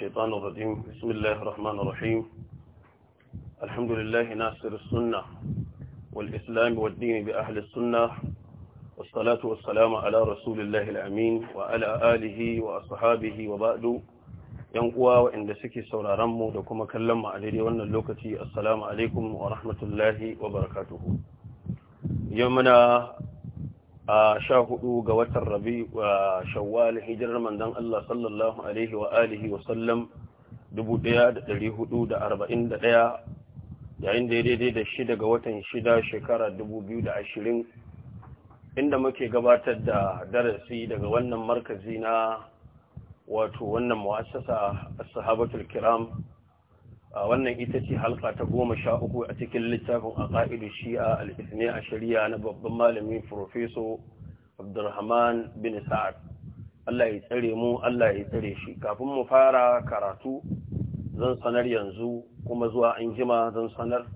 الشيطان الرجيم بسم الله الرحمن الرحيم الحمد لله ناصر السنة والإسلام والدين بأهل السنة والصلاة والسلام على رسول الله الأمين وعلى آله وأصحابه وبعد ينقوى وإن دسكي سورة رمو لكم كلم عليه وأن اللوكتي السلام عليكم ورحمة الله وبركاته يومنا A sha hudu ga watan rabi wa shawwal hijirar Mandan Allah sallallahu alaihi wa alihi wa sallam 1441 yayin da ya daidai da shida ga watan shida shekara da ashirin, inda muke gabatar da darasi daga wannan markazi na wato wannan mu'assasa a sahabatul kiram wannan ita ce halka ta goma sha uku a cikin littafin a ƙa'idu shi'a al'isne a shari'a na babban malami Profeso Abdulrahman bin Sa'ad. Allah ya tsare mu, Allah ya tsare shi. Kafin mu fara karatu zan sanar yanzu kuma zuwa an jima zan sanar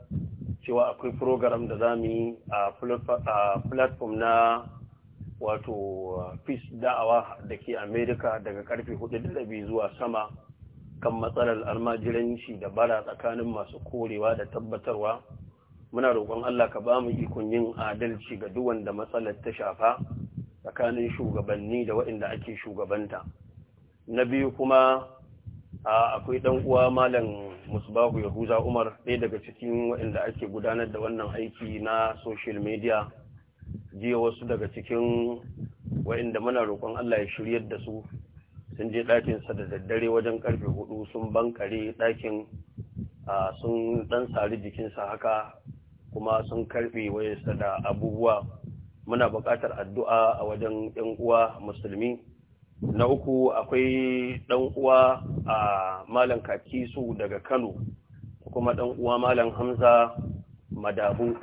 cewa akwai program da za mu yi a platform na wato uh, peace da'awa da ke Amerika daga karfe hudu da zuwa sama. kan matsalar almajiranci da bara tsakanin masu korewa da tabbatarwa muna roƙon Allah ka bamu ikon yin adalci ga duk wanda matsalar ta shafa tsakanin shugabanni da waɗanda ake shugabanta na biyu kuma akwai ɗan uwa malam musbahu yahuza umar ɗaya daga cikin waɗanda ake gudanar da wannan aiki na social media jiya wasu daga cikin waɗanda muna roƙon Allah ya shiryar da su sun je ɗakinsa da daddare wajen karfe hudu sun bankare ɗakin sun ɗan sari jikinsa haka kuma sun karfe wayarsa da abubuwa muna buƙatar addu'a a wajen ‘yan uwa musulmi na uku akwai ɗan uwa a malam kakisu daga kano kuma ɗan uwa malam hamza madabu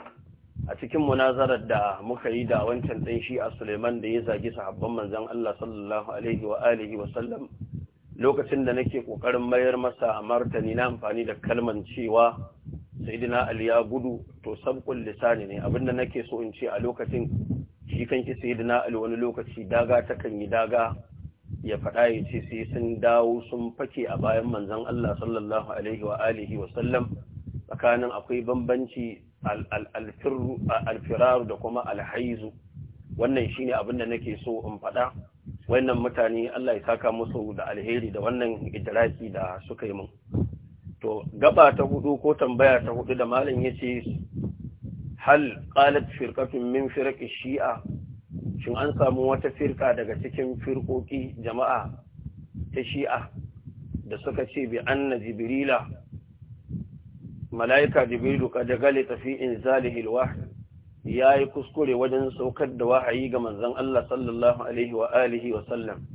a cikin munazarar da muka yi da wancan ɗan shi a Suleiman da ya zagi sahabban manzon Allah sallallahu alaihi wa alihi wa sallam lokacin da nake kokarin mayar masa martani na amfani da kalman cewa sayyidina Ali ya gudu to sabqul lisani ne abinda nake so in ce a lokacin shi kanki sayyidina Ali wani lokaci daga ta kan yi daga ya faɗa ya ce sai sun dawo sun fake a bayan manzon Allah sallallahu alaihi wa alihi wa sallam tsakanin akwai bambanci alfiraru da kuma alhaizu wannan shine abin da nake so in faɗa wannan mutane Allah ya saka musu da alheri da wannan idraki da suka yi mun to gaba ta hudu ko tambaya ta hudu da malam yace hal qalat firqatun min firqi shi'a shin an samu wata firka daga cikin firkoki jama'a ta shi'a da suka ce bi anna jibrila mala'ika jibrilu kada daga tafi in zalihil wahyi ya yi kuskure wajen saukar da wahayi ga manzon Allah sallallahu alaihi wa alihi wa sallam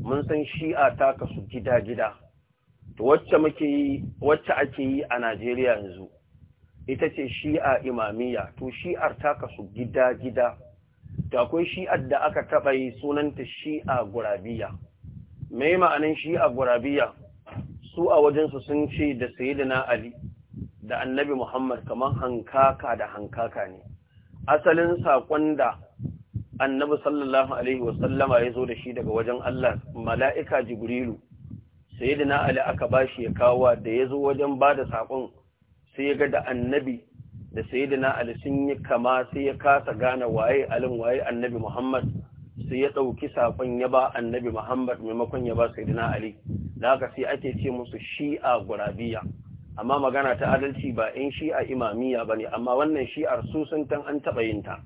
mun san shi'a ta kasu gida-gida to wacce muke yi wacce ake yi a Najeriya yanzu ita ce shi'a imamiyya to shi'ar ta kasu gida-gida to akwai shi'ar da aka taɓa yi sunanta shi'a gurabiya me ma'anan shi'a gurabiya su a wajensu sun ce da sayyidina Ali da annabi Muhammad kamar hankaka da hankaka ne asalin saƙon da annabi sallallahu alaihi wasallama ya zo da shi daga wajen Allah mala'ika jibrilu sai da Ali aka ba shi ya kawo da ya zo wajen ba da saƙon sai ya ga da annabi da sai da Ali sun yi kama sai ya kasa gane waye alin waye annabi Muhammad sai ya ɗauki saƙon ya ba annabi Muhammad maimakon ya ba sai da Ali da haka sai ake ce musu shi'a gurabiya amma magana ta adalci ba in shi'a imamiya ba ne amma wannan shi'ar su sun tan an taɓa yin ta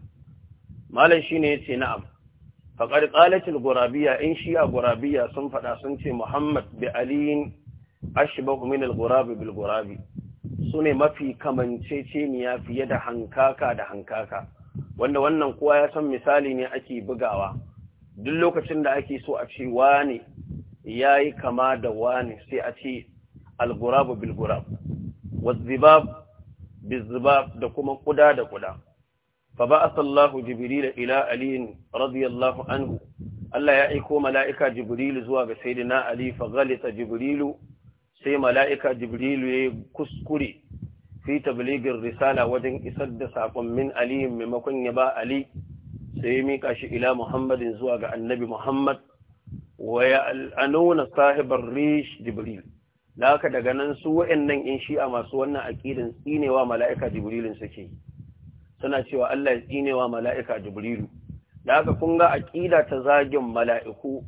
malam shi ne ya ce na'am faƙar ƙalatul gurabiya in shi'a gurabiya sun faɗa sun ce muhammad bi aliyin ashbahu min al-gurabi bil gurabi su ne mafi kamanceceniya fiye da hankaka da hankaka wanda wannan kowa ya san misali ne ake bugawa duk lokacin da ake so a ce wane ya kama da wane sai a ce al-ghurab bil ghurab da kuma kuda da kuda fa ba'atha Allahu Jibril ila Ali radiyallahu anhu Allah ya aiko mala'ika Jibril zuwa ga Sayyidina Ali fa Jibril sai mala'ika Jibril ya kuskure fi tabligin risala wajen isar da sakon min Ali maimakon ya ba Ali sai ya mika shi ila Muhammadin zuwa ga Annabi Muhammad wa ya al'anuna sahibar Rish Jibril da haka daga nan su wa'annan in shi'a masu wannan aƙidin tsinewa mala'ika jibrilin suke suna cewa Allah ya tsinewa mala'ika jibrilu da haka kun ga aƙida ta zagin mala'iku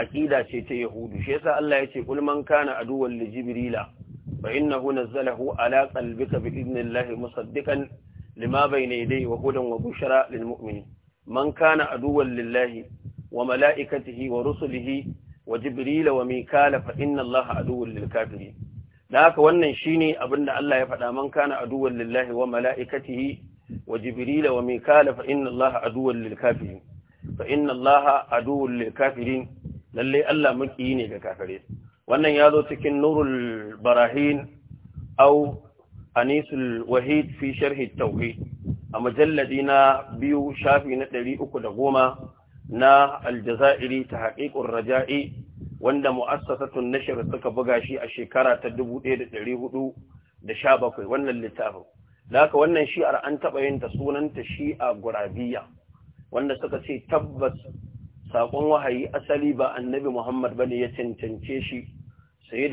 aƙida ce ta yahudu shi yasa Allah ya ce kul man kana aduwwan li jibrila fa innahu nazzalahu ala qalbika bi idnillahi musaddiqan lima bayna yadayhi wa hudan wa bushra lil mu'minin man kana aduwwan lillahi wa mala'ikatihi wa rusulihi wa jibrila wa mikala fa inna allaha aduwwul lil kafirin da haka wannan shine abinda Allah ya faɗa man kana aduwwul lillahi wa mala'ikatihi wa jibrila wa mikala fa inna allaha aduwwul lil kafirin fa inna allaha aduwwul lil kafirin lalle Allah maki ne ga kafirai wannan ya zo cikin nurul barahin au anisul wahid fi sharhi tauhid a mujalladi na biyu shafi na ɗari uku da goma na aljazairi ta haƙiƙun raja'i wanda mu'assasatun nashir suka buga shi a shekara ta 1417 wannan littafin da haka wannan shi'ar an taɓa yin ta sunanta shi'a gurabiya wanda suka ce tabbas saƙon wahayi asali ba annabi muhammad bane ya cancance shi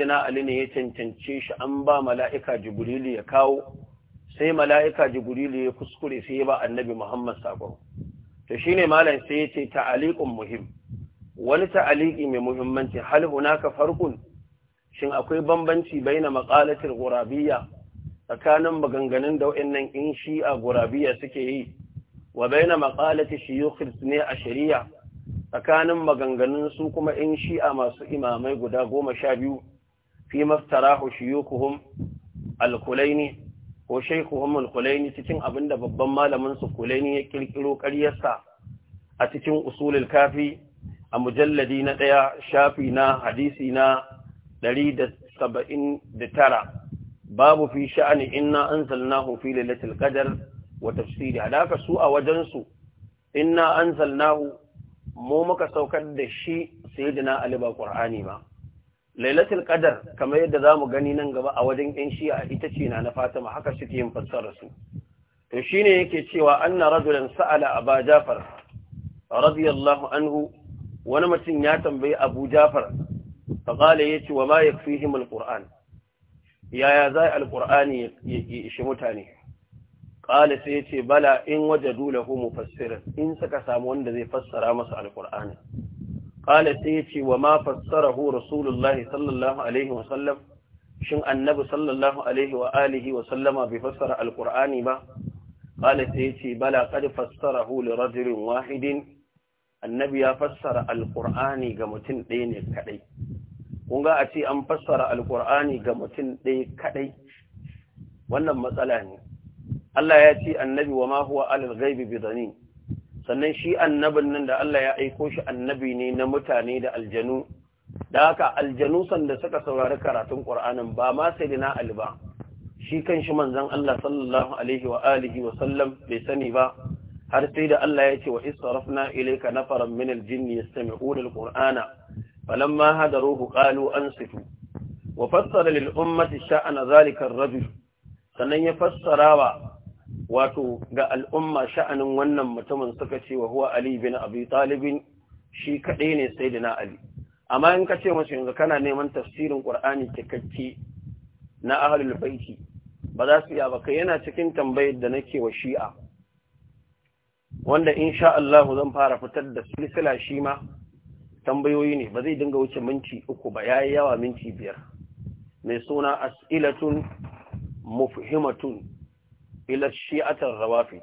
na ali ne ya cancance shi an ba mala'ika jibrilu ya kawo sai mala'ika jibrilu ya kuskure sai ya ba annabi muhammad saƙon shi shine malam sai ya ce ta'aliqun muhim wani ta'aliki mai muhimmanci hal ka farkun shin akwai bambanci baina maƙalatar gurabiya? tsakanin maganganun da wayannan in shi'a gurabiya suke yi wa baina maqalati shuyukh ne a shari'a tsakanin maganganun su kuma in shi'a masu imamai guda goma sha biyu fi maftarahu shuyukuhum al ne. ko Sheikh Muhammad Kulaini cikin abin da babban malamin su Kulaini ya kirkiro ƙaryarsa a cikin usulul kafi a mujalladi na ɗaya shafi na hadisi na 179 babu fi sha'ani inna anzalnahu fi lailatul qadr wa tafsiri hadaka su a wajen su inna anzalnahu mu muka saukar da shi sayyidina Ali ba Qur'ani ba lailatul qadar kamar yadda zamu gani nan gaba a wajen ɗan shi'a ita ce na na fatima haka suke yin fassarar su to shine yake cewa anna rajulan sa'ala aba jafar radiyallahu anhu wani mutum ya tambayi abu jafar fa qala yace wa ma yakfihim alquran yaya zai alqur'ani ya ishi mutane qala sai yace bala in wajadu lahu mufassirin in suka samu wanda zai fassara masa alqur'ani qala sai yace wa ma fassarahu rasulullah sallallahu alaihi wa sallam shin annabi sallallahu alaihi wa sallama bai fassara alqur'ani ba qala sai yace bala qad fassarahu li rajulin wahidin annabi ya fassara alqur'ani ga mutum ɗaya ne kadai kun ga a ce an fassara alqur'ani ga mutum ɗaya kadai wannan matsala ne Allah ya ce annabi wa ma huwa alal ghaibi sannan shi annabin nan da Allah ya aiko shi annabi ne na mutane da aljanu da haka aljanu sanda suka saurari karatun Qur'anin ba ma sai na alba shi kan shi manzon Allah sallallahu alaihi wa alihi wa sallam bai sani ba har sai da Allah ya ce wa israfna ilayka nafaran min aljin yastami'una alqur'ana falamma hadaruhu qalu ansifu wa fassara lil ummati sha'ana zalika ar-rajul sannan ya fassara wa wato ga al'umma sha'anin wannan mutumin suka ce wa huwa Ali bin Abi Talibin shi kaɗai ne sai na Ali. Amma in ka ce masu yanzu kana neman tafsirin Ƙur'ani cikakke na ahalul baiti ba za su iya ba kai yana cikin tambayar da nake wa shi'a. Wanda in sha Allah zan fara fitar da silsila shi ma tambayoyi ne ba zai dinga wuce minti uku ba ya yawa minti biyar. Mai suna as'ilatun mufhimatun ila shi'atar rawafi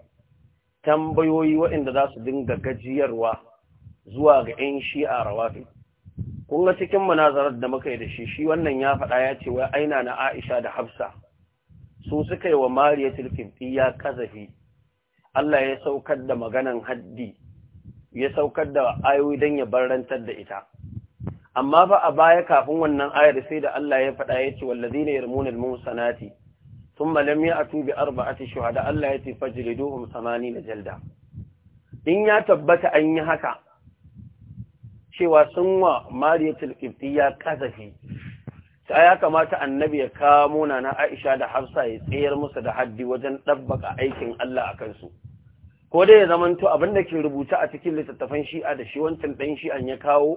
tambayoyi waɗanda za su dinga gajiyarwa zuwa ga 'yan shi'a rawafi kun ga cikin munazarar da muka yi da shi shi wannan ya faɗa ya ce wai aina na Aisha da Hafsa su suka yi wa Mariya tilfimfi ya kazafi Allah ya saukar da maganan haddi ya saukar da ayoyi don ya barantar da ita amma ba a baya kafin wannan ayar sai da Allah ya faɗa ya ce wallazina yarmuna musanati ثم لم يأتوا بأربعة شهداء الله يتي فجلدوهم ثمانين جلدا إن يتبت أن يهكا شوى سنوى مارية الكبتية كذفي سأياك مات النبي كامونا نا عائشة دا حفصة يتير مسد حد وجن طبق أيكن الله أكنسو ko dai ya zamanto abin da ke rubuta a cikin littattafan shi'a da shi wancan ɗan shi'an ya kawo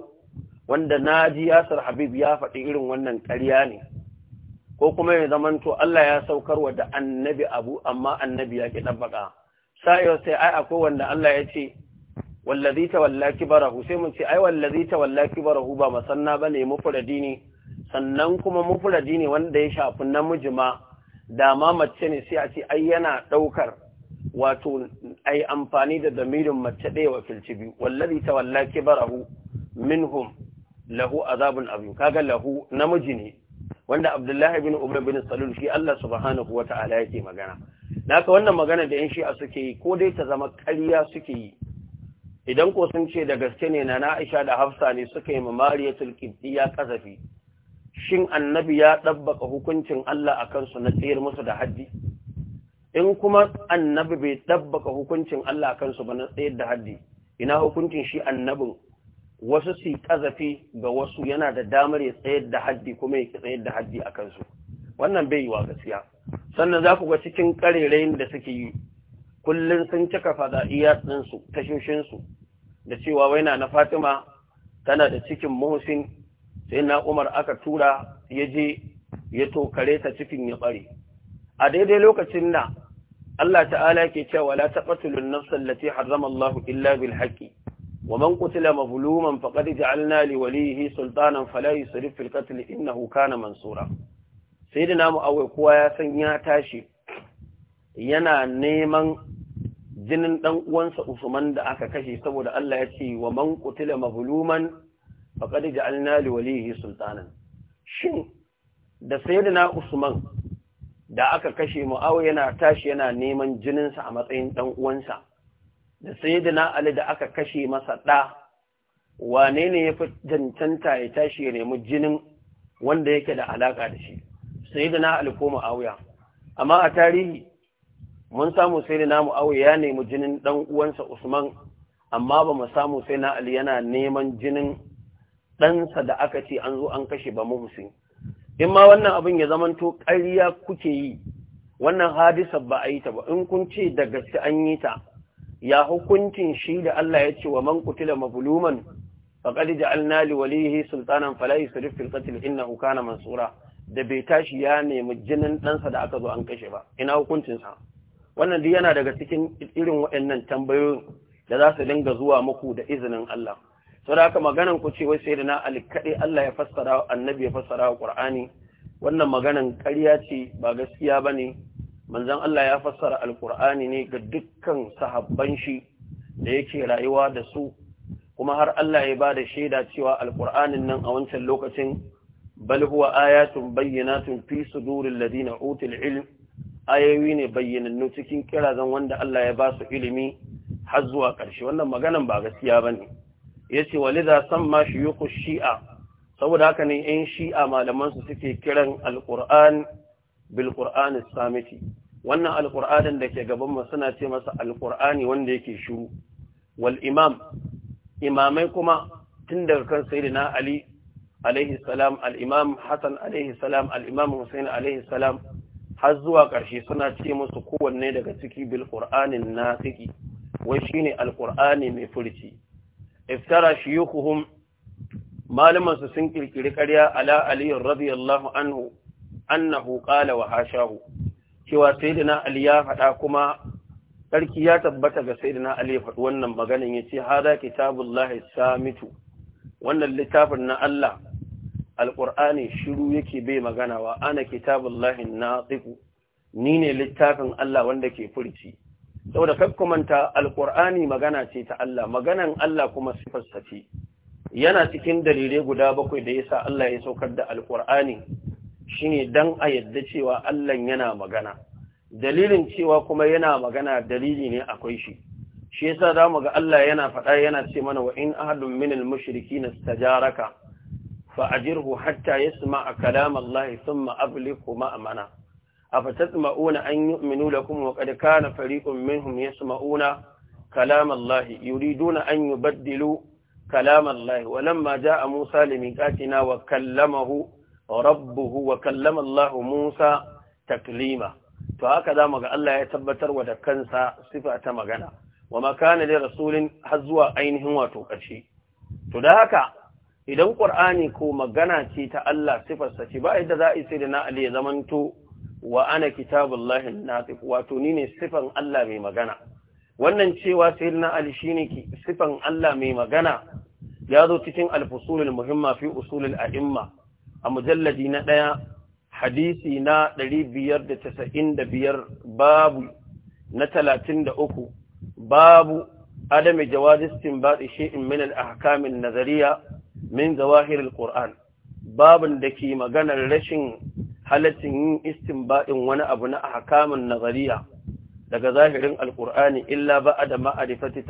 wanda naji yasir habib ya faɗi irin wannan ƙarya ne ko kuma ya zamanto Allah ya saukar wa da annabi abu amma annabi ya ki ɗabbaƙa Sa'a sai ai akwai wanda Allah ya ce wallazi ta wallaki barahu sai mun ce ai wallazi wallaki barahu ba masanna bane mufradi ne sannan kuma mufradi ne wanda ya shafi namiji ma da ma mace ne sai a ce ai yana ɗaukar. wato ai amfani da damirin mace ɗaya wa filci biyu wallazi ta wallaki barahu minhum lahu azabun abu kaga lahu namiji ne wanda Abdullahi bin Umar bin Salul shi Allah subhanahu wata'ala yake magana naka wannan magana da yan a suke yi ko dai ta zama ƙarya suke yi idan ko sun ce da gaske ne na Aisha da Hafsa ne suka yi mamariyatul ya kasafi shin annabi ya dabbaka hukuncin Allah akan su na tsayar musu da haddi in kuma annabi bai dabbaka hukuncin Allah akan su ba na tsayar da haddi ina hukuncin shi annabin wasu su kazafi ga wasu yana da damar ya tsayar da haddi kuma ya tsayar da haddi a kansu wannan bai yi wa gaskiya sannan za ku ga cikin karerayin da suke yi kullum sun cika fada'iya ɗinsu tashoshinsu da cewa waina na fatima tana da cikin muhsin sai na umar aka tura ya je ya tokare ta cikin ya bare a daidai lokacin da Allah ta'ala ke cewa la taqatulun nafsal lati harrama Allah illa bil haqqi ومن قتل مظلوما فقد جعلنا لوليه سلطانا فلا يسرف في القتل إنه كان منصورا سيدنا مؤوي قوى يا سنيا تاشي yana neman jinin ɗan uwansa Usman da aka kashe saboda Allah ya ce wa man qutila mazluman faqad ja'alna li walihi sultanan shin da sayyidina Usman da aka kashe Muawiya yana tashi yana neman jinin sa a matsayin ɗan uwansa da sayyidina Ali da aka kashe masa ɗa wane ne ya fi ya tashi ya nemi jinin wanda yake da alaƙa da shi sayyidina Ali ko Muawiya amma a tarihi mun samu sayyidina Muawiya ya nemi jinin dan uwansa Usman amma ba mu samu sayyidina Ali yana neman jinin ɗansa da aka ce an zo an kashe ba mu in ma wannan abin ya zamanto ƙarya kuke yi wannan hadisa ba a yi ta ba in kun ce da gaske an yi ta ya hukuncin shi da Allah ya ce wa man kutila mabuluman faqad ja'alna li walihi sultanan fala yusrif fil qatl innahu kana mansura da bai tashi ya nemi jinin ɗansa da aka zo an kashe ba ina hukuncin sa wannan duk yana daga cikin irin waɗannan tambayoyin da za su dinga zuwa muku da izinin Allah sau da haka maganan ku ce wai sai da na alkaɗe Allah ya fassara annabi ya fassara wa wannan maganan ƙarya ce ba gaskiya bane manzon Allah ya fassara alkur'ani ne ga dukkan sahabban shi da yake rayuwa da su kuma har Allah ya ba da shaida cewa alkur'anin nan a wancan lokacin bal huwa ayatun bayyinatun fi suduril ladina utul ilm ayoyi ne bayyanannu cikin kirazan wanda Allah ya ba su ilimi har zuwa ƙarshe wannan maganan ba gaskiya bane yace walidha samma shuyukhu shi'a saboda haka ne 'yan shi'a malaman su suke kiran alqur'an bil qur'an samiti wannan alƙur'anin da ke gabanmu suna ce masa alƙur'ani wanda yake shuru wal imam imamai kuma tun daga kan sayyidina ali alaihi salam al-imam hasan alaihi salam al-imam husain alaihi salam har zuwa ƙarshe suna ce musu kowanne daga ciki bil qur'anin nasiki wai shine al mai furci iftara shuyukhum malaman su sun kirkiri ƙarya ala ali radiyallahu anhu annahu qala wa hashahu cewa sayyidina ali ya faɗa kuma sarki ya tabbata ga na ali ya faɗi wannan maganin yace hada kitabullahi samitu wannan littafin na Allah Alƙur'ani shiru yake bai magana wa ana kitabullahi tsiku ni ne littafin Allah wanda ke furci saboda kumanta Alƙur'ani magana ce ta Allah maganan Allah kuma sifarsa ce yana cikin dalilai guda bakwai da yasa Allah ya saukar da Alƙur'ani. shine dan a yadda cewa Allah yana magana dalilin cewa kuma yana magana dalili ne akwai shi shi yasa zamu ga Allah yana faɗa yana ce mana wa in ahadun minal mushrikin istajaraka fa ajirhu hatta yasma'a kalam Allah thumma ablighu ma'amana afatatma'una an yu'minu lakum wa qad kana fariqun minhum yasma'una كلام الله يريدون أن يبدلوا كلام الله ولما musa موسى wa kallamahu. rabbuhu wa kallama Allah Musa taklima to haka zamu ga Allah ya tabbatar wa da kansa sifa ta magana wa makana da rasulin har zuwa ainihin wato ƙarshe to da haka idan qur'ani ko magana ce ta Allah sifarsa ce ba yadda za a yi da na Ali ya zamanto wa ana kitabullahi natif wato ni ne sifan Allah mai magana wannan cewa sayyidina Ali shine sifan Allah mai magana ya zo cikin al muhimma fi usulil a'imma a mujalladi na ɗaya hadisi na ɗari biyar da casa'in da biyar babu na talatin da uku babu adami jawazistin baɗi shi'in min al'ahkamin nazariya min zawahirar ƙur'an babin da ke maganar rashin halittin yin istinbaɗin wani abu na ahkamin nazariya daga zahirin alƙur'ani illa ba a da ma'arifati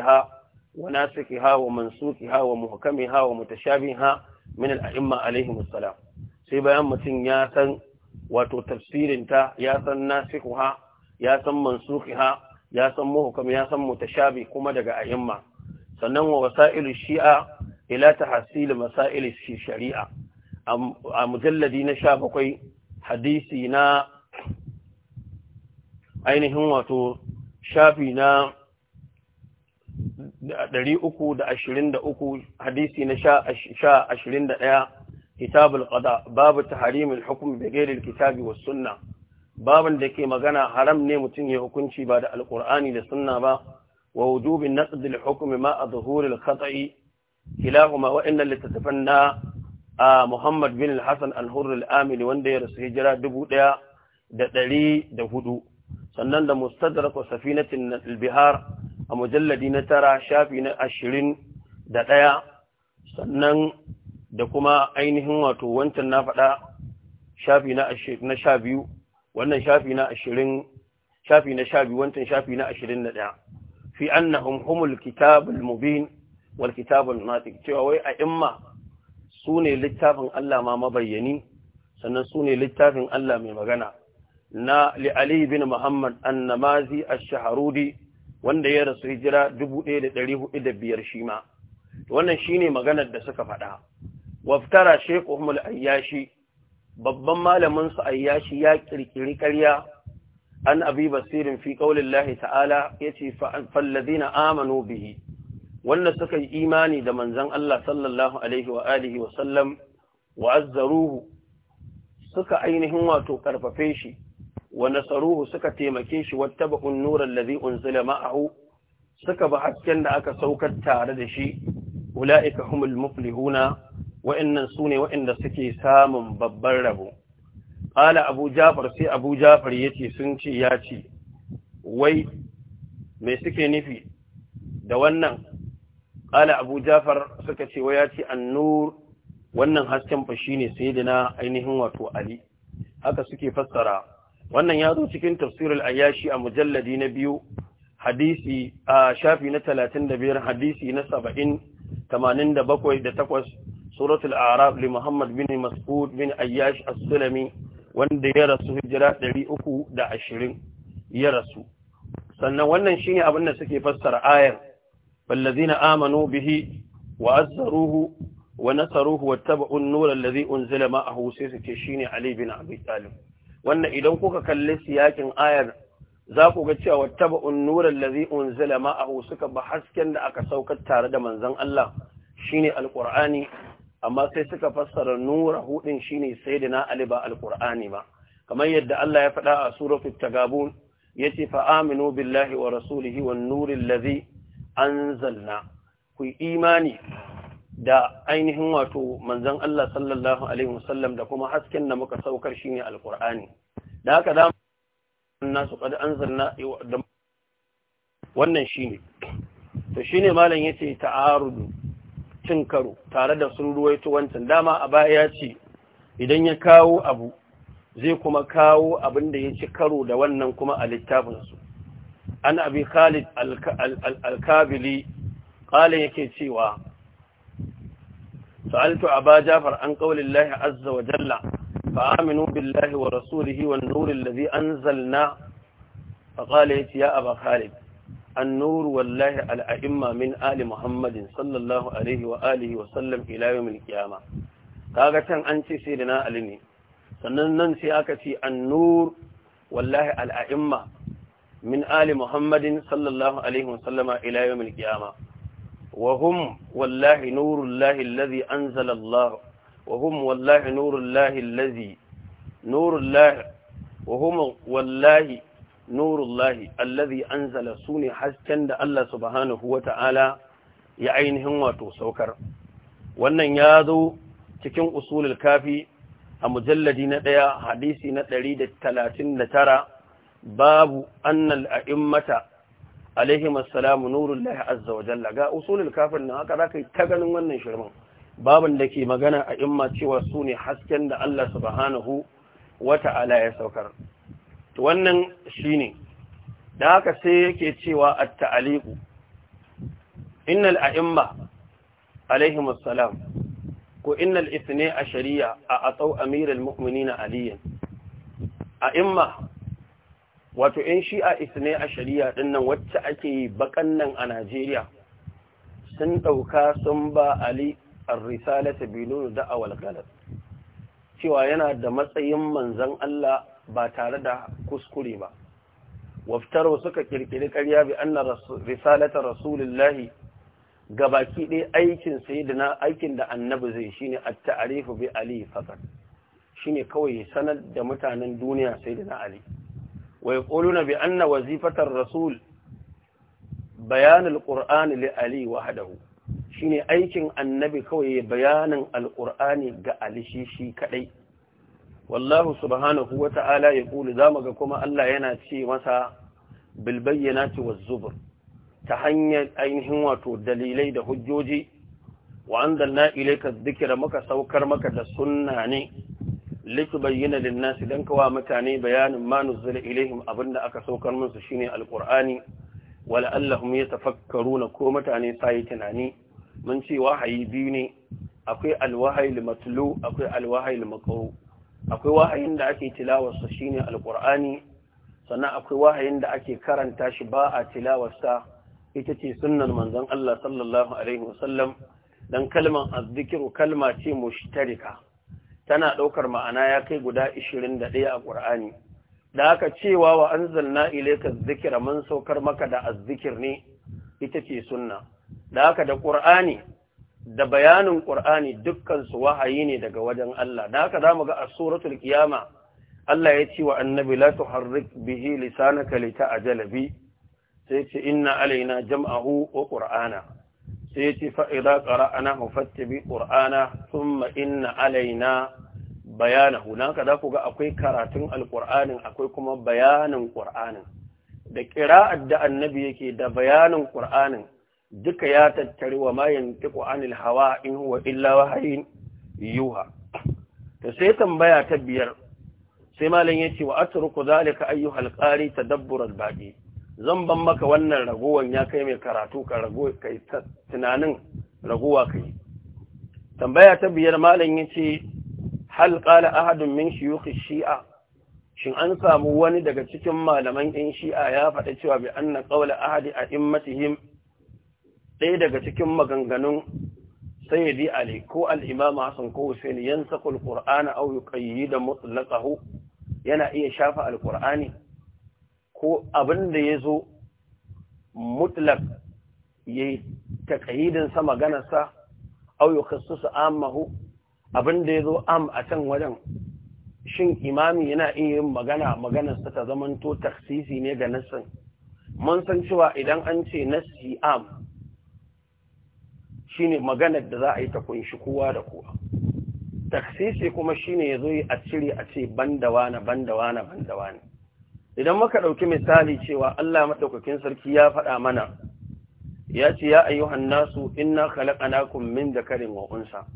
ha, wa ha, wa ha, wa muhkamiha wa ha. min al'imma alaihim salam sai bayan mutum ya san wato tafsirinta ya san nasikuha ya san mansukiha ya san muhukam ya san mutashabi kuma daga a'imma sannan wa wasailu shi'a ila tahsil masail shari'a a mujalladi na sha bakwai hadisi na ainihin wato shafi na ɗari uku da ashirin da uku hadisi na sha ashirin da ɗaya kitabul qada babu tahrimul hukm bi kitabi was sunna baban da ke magana haram ne mutum ya hukunci ba da alqur'ani da sunna ba wa wujubin naqd al hukm ma adhhur al khata'i kilahuma wa inna litafanna a Muhammad bin al-Hasan al-Hurr al-Amil wanda ya rasu hijira hudu sannan da mustadar wa safinatin albihar. bihar a mujalladi na tara shafi na ashirin da ɗaya sannan da kuma ainihin wato wancan na faɗa shafi na sha biyu wannan shafi na ashirin shafi na sha biyu wancan shafi na ashirin da ɗaya fi annahum humul kitabul mubin wal kitabul natiq cewa wai a imma su ne littafin Allah ma mabayyani sannan su ne littafin Allah mai magana na li'ali Ali bin Muhammad namazi ash-shahrudi wanda ya rasu hijira biyar shi ma wannan shine maganar da suka faɗa waftara Sheikh Umar Ayyashi babban malamin su Ayyashi ya kirkiri ƙarya an abi basirin fi qaulillahi ta'ala ya ce ladina amanu bihi wanda suka yi imani da manzon Allah sallallahu alaihi wa alihi wa sallam wa azzaruhu suka ainihin wato karfafe shi wa nasaruhu suka taimake shi wattaba'un nuran ladhi unzila ma'ahu suka ba hasken da aka sauka tare da shi ula'ika humul muflihuna wa'annan sune wa'anda suke samun babban rabo qala abu sai abu jafar yace sun ce ya ce wai me suke nufi da wannan ƙala abu suka ce waya ce annur wannan hasken fa shine sai da na ainihin wato ali haka suke fassara wannan ya zo cikin tafsirul ayyashi a mujalladi na biyu hadisi a shafi na 35 hadisi na 70 87 da 8 suratul araf li muhammad bin mas'ud bin ayyash as-sulami wanda ya rasu hijira 320 ya rasu sannan wannan shine abin da suke fassara ayar na amanu bihi wa azzaruhu wa nasaruhu wattaba'u an-nura alladhi unzila ma'ahu sai suke shine ali bin abi talib wannan idan kuka kalli siyakin ayar za ku ga cewa wattaba'un nura lazi unzila ma'ahu suka ba hasken da aka saukar tare da manzon Allah shine alqur'ani amma sai suka fassara nura hudin shine sayyidina Ali ba alqur'ani ba kamar yadda Allah ya faɗa a suratu tagabun yace fa aminu billahi wa rasulihi wan nuril ladhi anzalna ku imani da ainihin wato manzon Allah sallallahu alaihi wasallam da kuma hasken da muka saukar shine alqur'ani da haka da nasu qad anzalna da wannan shine to shine malam yace ta'arudu cin karo tare da sun ruwaito wancan dama a baya ya ce idan ya kawo abu zai kuma kawo abin da ya ci karo da wannan kuma a littafinsu an abi khalid alkabili ƙalin yake cewa سألت أبا جعفر عن قول الله عز وجل فآمنوا بالله ورسوله والنور الذي أنزلنا فقال يا أبا خالد النور والله الأئمة من آل محمد صلى الله عليه وآله وسلم إلى يوم القيامة كاغتان أنتي سيدنا ألني سننن سياكتي النور والله الأئمة من آل محمد صلى الله عليه وسلم إلى يوم القيامة وهم والله نور الله الذي أنزل الله وهم والله نور الله الذي نور الله وهم والله نور الله الذي أنزل سوني حسكن دا الله سبحانه وتعالى يعينهم وتوسوكر wannan ya zo cikin usulul kafi a mujalladi na ɗaya hadisi na ɗari da talatin da tara babu annal a'immata alaihim assalamu nurullahi azza wa jalla ga usulul kafir nan haka zaka ta ganin wannan shirman babin da ke magana a imma cewa su ne hasken da Allah subhanahu wa ta'ala ya saukar to wannan shine da haka sai yake cewa at-ta'aliqu innal a'imma alaihi assalam ko innal ithni ashariya a atau amirul mu'minina aliyan a'imma wato ‘yan shi'a isne a shari'a ɗin nan wacce ake yi bakan nan a Najeriya sun ɗauka sun ba Ali ar-risalata bilonu da awal galar cewa yana da matsayin manzan Allah ba tare da kuskure ba waftaro suka kirkiri ƙarya bi anna risalata rasulullahi baki ɗaya aikin sayyidina aikin da annabi zai shine at-ta'rifu bi ali fakat shine kawai sanar da mutanen duniya sayyidina ali Wai yaquluna bi anna wazifatar rasul bayan alqur'ani li ali wahdahu shine aikin annabi kawai bayanin alqur'ani ga ali shishi shi kadai wallahu subhanahu wata'ala yaqulu zamu ga kuma Allah yana ce masa bilbayyana bayyinati waz ta hanyar ainihin wato dalilai da hujjoji wa anzalna ilayka dhikra maka saukar maka da sunna ne litu bayyana linnasi dan kawa mutane bayanin ma nuzila ilaihim abinda aka saukar musu shine alqur'ani wala allahum yatafakkaruna ko mutane sai tunani mun ce wahayi biyu ne akwai alwahayi matlu akwai alwahayi maqru akwai wahayin da ake tilawarsa shine alqur'ani sannan akwai wahayin da ake karanta shi ba a tilawarsa ita ce sunnar manzon Allah sallallahu alaihi wasallam dan kalman azzikiru kalma ce mushtarika tana ɗaukar ma'ana ya kai guda 21 a ƙur'ani da aka cewa wa an anzalna ka zikira mun saukar maka da azzikir ne ita ce sunna da aka da ƙur'ani da bayanin ƙur'ani dukkan su wahayi ne daga wajen Allah da aka zamu ga a suratul qiyama Allah ya ce wa annabi la tuharrik bihi lisanaka lita'jala bi sai ce inna alaina jam'ahu wa qur'ana sai ce fa'iza ƙara ana mafattabi ƙur'ana sun ma'ina alaina bayana na ka za ku ga akwai karatun alƙur'anin akwai kuma bayanin ƙur'anin da ƙira'ar da annabi yake da bayanin ƙur'anin duka ya tattari wa mayan tiku anil hawa in huwa illa wahayin yuha to sai tambaya ta biyar sai malam yace wa atruku zalika ayyuhal qari tadabbur al-baqi zan ban maka wannan ragowan ya kai mai karatu ka rago kai tunanin ragowa kai tambaya ta biyar malam yace hal qala ahadun min shuyukh shi'a shin an samu wani daga cikin malaman in shi'a ya faɗa cewa bi anna qawla ahadi a immatihim ɗaya daga cikin maganganun sayyidi ali ko al-imam hasan ko husaini yansaqu al-qur'ana aw yuqayyidu mutlaqahu yana iya shafa al-qur'ani ko abin da ya zo mutlak ya yi taƙayidinsa maganarsa au yi kastusu amahu abin da ya zo am a can wajen shin imami yana iya yin magana maganarsa ta zamanto taksisi ne ga nassin mun san cewa idan an ce nassi am shine maganar da za a yi ta kunshi kowa da kowa taksisi kuma shine ya zo a cire a ce bandawa na bandawa na bandawa ne idan muka ɗauki misali cewa Allah maɗaukakin sarki ya faɗa mana ya ce ya ayyuhan nasu inna khalaqnakum min dhakarin wa unsa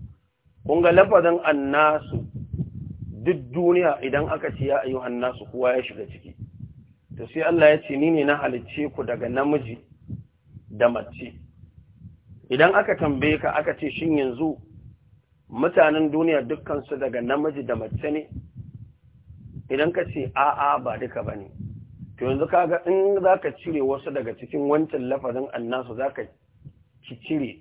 kun ga lafazin annasu duk duniya idan aka ce ya ayyuhan nasu kowa ya shiga ciki to sai Allah ya ce ni ne na halicce ku daga namiji da mace idan aka tambaye ka aka ce shin yanzu mutanen duniya dukkan daga namiji da mace ne idan ka ce a'a ba duka ba ne to yanzu kaga in za ka cire wasu daga cikin wancan lafazin annasu za ka ci cire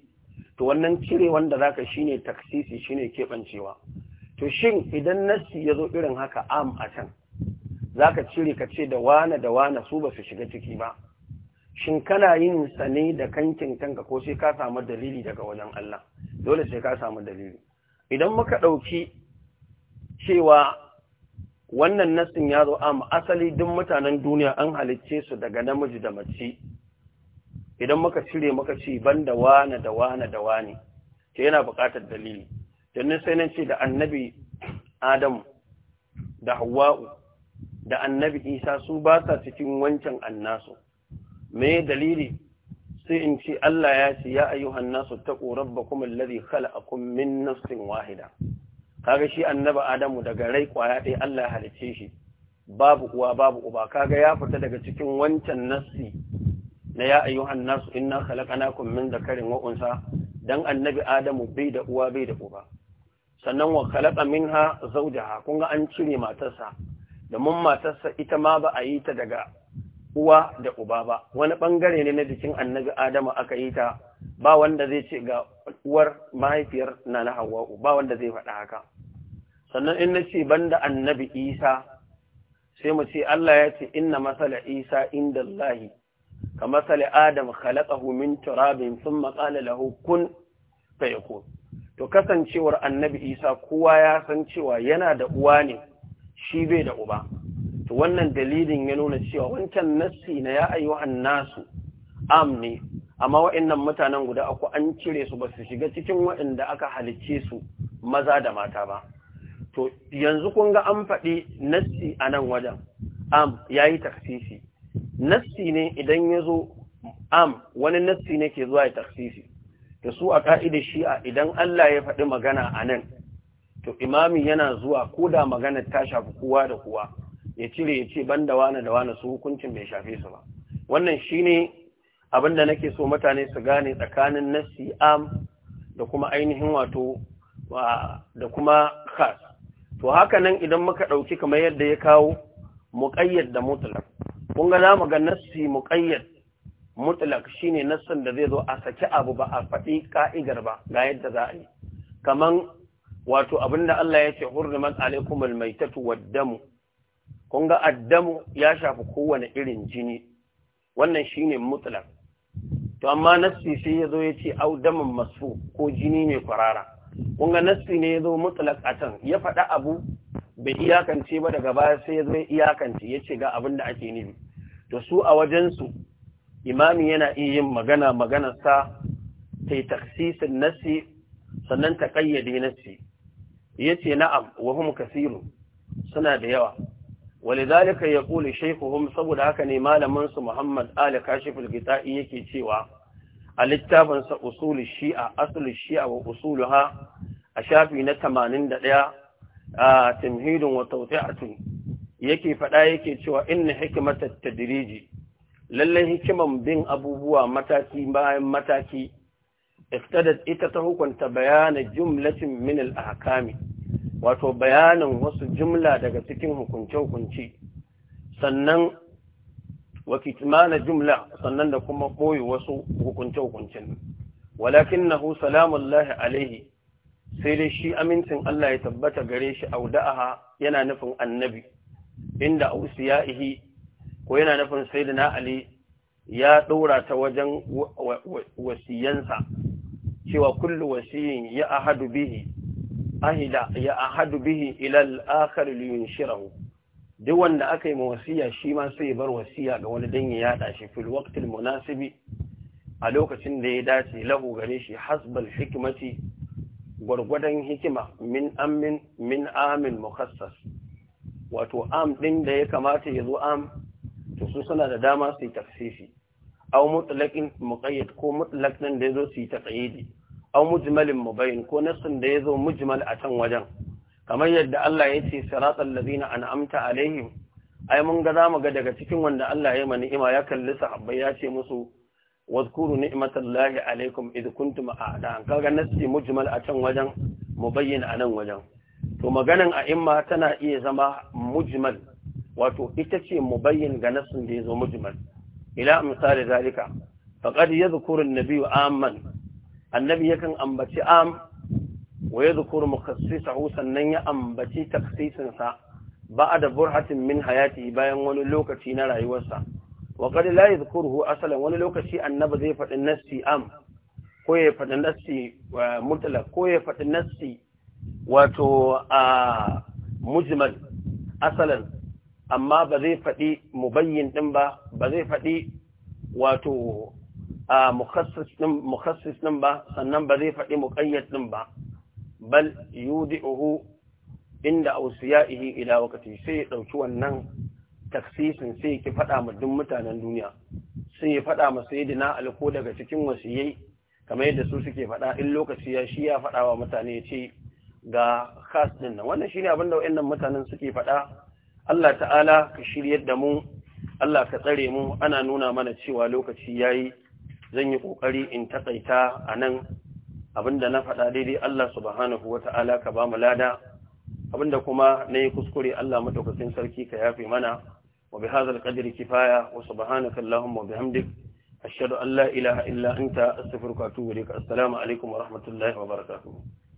to wannan cire wanda za ka shi ne taksisi shi ne keɓancewa to shin idan nassi ya zo irin haka am a can za ka cire ka ce da wane da wane su ba su shiga ciki ba shin kana yin sa da kankin kanka ko sai ka samu dalili daga wajen Allah dole sai ka samu dalili idan muka ɗauki cewa wannan nassin ya zo amma asali duk mutanen duniya an halicce su daga namiji da mace idan muka cire muka ce ban da wane da wane da wane ke yana buƙatar dalili don sai nan ce da annabi adam da hawa'u da annabi isa su ba sa cikin wancan annasu me dalili sai in ce Allah ya ce ya ayyuhan nasu taqu rabbakum alladhi khalaqakum min nafsin wahida kaga shi annaba adamu daga rai kwaya ɗaya Allah ya halicce shi babu uwa babu uba kaga ya fita daga cikin wancan nassi na ya ayyuhan nasu inna khalaqnakum min dhakarin wa unsa dan annabi adamu bai da uwa bai da uba sannan wa khalaqa minha zawjaha kunga an cire matarsa da mun matarsa ita ma ba a yi ta daga uwa da uba ba wani bangare ne na jikin annabi adamu aka yi ta ba wanda zai ce ga uwar mahaifiyar na na hawa'u ba wanda zai faɗa haka sannan in na ce banda annabi isa sai mu ce Allah ya ce inna masala isa inda Allah ka masala adam khalaqahu min turabin thumma qala lahu kun fayakun to kasancewar annabi isa kowa ya san cewa yana da uwa ne shi bai da uba to wannan dalilin ya nuna cewa wancan nassi na ya ayyuhan annasu am ne amma wa'annan mutanen guda uku an cire su ba su shiga cikin wa'anda aka halicce su maza da mata ba to yanzu kun ga an faɗi nassi a nan wajen am ya yi taksisi nassi ne idan ya zo am wani nassi ne ke zuwa ya taksisi da su a ka'idar shi'a idan Allah ya faɗi magana a nan to imami yana zuwa ko da magana ta shafi kowa da kowa ya cire ya ce ban da wane da wane su hukuncin bai shafe su ba wannan shine abin da nake so mutane su gane tsakanin nassi am da kuma ainihin wato da kuma khas to haka nan idan muka ɗauki kamar yadda ya kawo muƙayyad da mutlaq kun ga zamu ga nassi muƙayyad mutlak shine nassin da zai zo a saki abu ba a faɗi ka'idar ba ga yadda za a yi kaman wato abinda Allah ya ce hurrimat alaikumul maitatu waddamu kun ga addamu ya shafi kowane irin jini wannan shine mutlak to amma nassi sai ya zo ya ce au damin masfu ko jini ne kwarara kun ga nassi ne ya zo mutlaq a can ya faɗa abu bai iyakance ba daga baya sai ya zo iyakance ya ce ga abin da ake nufi to su a wajensu imami yana iya yin magana magana sa ta yi taksisin nassi sannan ta ƙayyade nassi ya ce na'am wa hum kasiru suna da yawa zalika ya يقول shaikuhum saboda haka ne malamin Muhammad Ali kashifu al-Gita'i yake cewa a littafinsa usul shi'a asul shi'a wa ha? a shafi na 81 a tamhidun wa tawti'atun yake faɗa yake cewa inna hikmata tadriji lalle hikiman bin abubuwa mataki bayan mataki iftadat ita ta hukunta bayana jumlatin min al-ahkami wato bayanin wasu jumla daga cikin hukunce-hukunce sannan wa kitmana jumla sannan da kuma boye wasu hukunce hukunce walakin nahu, salamullahi alaihi sai dai shi amincin Allah ya tabbata gare shi auda'aha yana nufin annabi inda ausiyaihi ko yana nufin sayyidina ali ya dora ta wajen wasiyansa cewa kullu wasi'in ya ahadu bihi ahida ya ahadu bihi ila al duk wanda aka yi ma wasiya shi ma sai bar wasiya ga wani dan ya yada shi fil waqtil munasibi a lokacin da ya dace lahu gare shi hasbal hikmati gwargwadon hikima min amin min amin wato am din da ya kamata ya zo am to su suna da dama su yi tafsisi aw mutlaqin muqayyad ko mutlaq da ya zo su yi taqyidi aw mujmalin mubayyin ko nassin da ya zo mujmal a can wajen kamar yadda Allah ya ce siratal ladina an'amta alaihim ai mun ga zamu ga daga cikin wanda Allah ya ma ni'ima ya kalli sahabbai ya ce musu wazkuru ni'matallahi alaikum id kuntum a'da'an kaga nasi mujmal a can wajen mubayyin a wajen to maganan a'imma tana iya zama mujmal wato ita ce mubayyin ga nasin da yazo mujmal ila misali zalika faqad yadhkuru an-nabiyyu amman annabi yakan ambaci am wa ya zukuru mukassisahu sannan ya ambaci taksisinsa ba da burhatin min hayati bayan wani lokaci na rayuwarsa wa qad la yadhkuruhu asalan wani lokaci annabi zai faɗi nassi am ko ya faɗi nassi mutlaq ko ya faɗi nassi wato a mujmal asalan amma ba zai faɗi mubayyin ɗin ba ba zai faɗi wato a mukassis ɗin ba sannan ba zai faɗi muƙayyad ɗin ba bal yudi'uhu inda ausiyaihi ila wakati sai ya dauki wannan taksisin sai ki faɗa ma duk mutanen duniya sai ya faɗa ma sayyidina alko daga cikin wasiyai kamar yadda su suke faɗa in lokaci ya shi ya fada wa mutane ya ce ga khas din nan wannan shine abin da wayannan mutanen suke faɗa Allah ta'ala ka shiryar da mu Allah ka tsare mu ana nuna mana cewa lokaci yayi zan yi kokari in takaita anan abinda na faɗa daidai Allah subhanahu wata'ala ka ba mu lada abinda kuma na yi kuskure Allah madaukakin sarki ka yafe mana wa bi hadzal qadri kifaya wa subhanaka allahumma bi bihamdik ashhadu an la ilaha illa anta astaghfiruka wa atubu ilaik assalamu alaikum wa rahmatullahi wa barakatuh